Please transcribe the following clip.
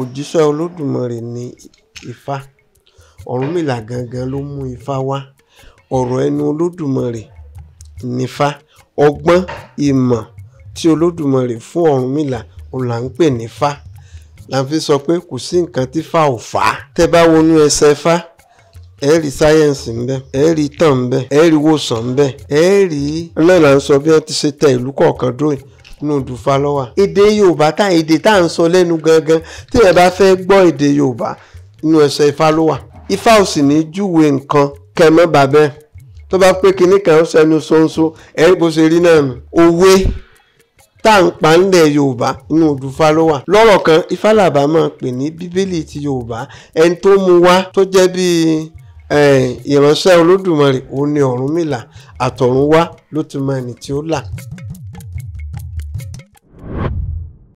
òjíṣẹ́ olódùmarè ní ifá ọ̀rúnmìlà gangan ló mú ifá wá ọ̀rọ̀ ẹnu olódùmarè nífá ọgbọ́n ìmọ̀ tí olódùmarè fún ọ̀rúnmìlà òun là ń pè nífá la fi sọ pé kò sí nǹkan tí fá ò fà á tẹ́ bá wọnú ẹsẹ̀ fá ẹ rí sáyẹ́ǹsì ńbẹ ẹ rí tàn ńbẹ ẹ rí wòsàn ńbẹ ẹ rí náà là ń sọ bí wọ́n ti ṣe tẹ ìlú kọ̀ọ̀kan dúró yìí nínú ìdúfà lọ́wà. èdè yorùbá tá èdè tá à ń sọ lẹ́nu gangan tí ẹ bá fẹ́ gbọ́ èdè yorùbá inú ẹsẹ̀ ifá ló wà. ifá ò sì ní júwe nǹkan kẹmọ́ bàbẹ́ tó bá pé kinní kan ó sẹnu ṣonṣo ẹ̀rí bó ṣe rí náà nù. òwe tá à ń pa ńlẹ̀ yorùbá inú ìdúfà ló wà. lọ́rọ̀ kan ifá làbá máa pè ní bíbélì ti yorùbá ẹni tó mú wá tó jẹ́ bíi ìránṣẹ́ olódùmarè òun ni Ọ̀rúnmìlà àtọ̀run wá ló ti mọ ẹni tí ó là.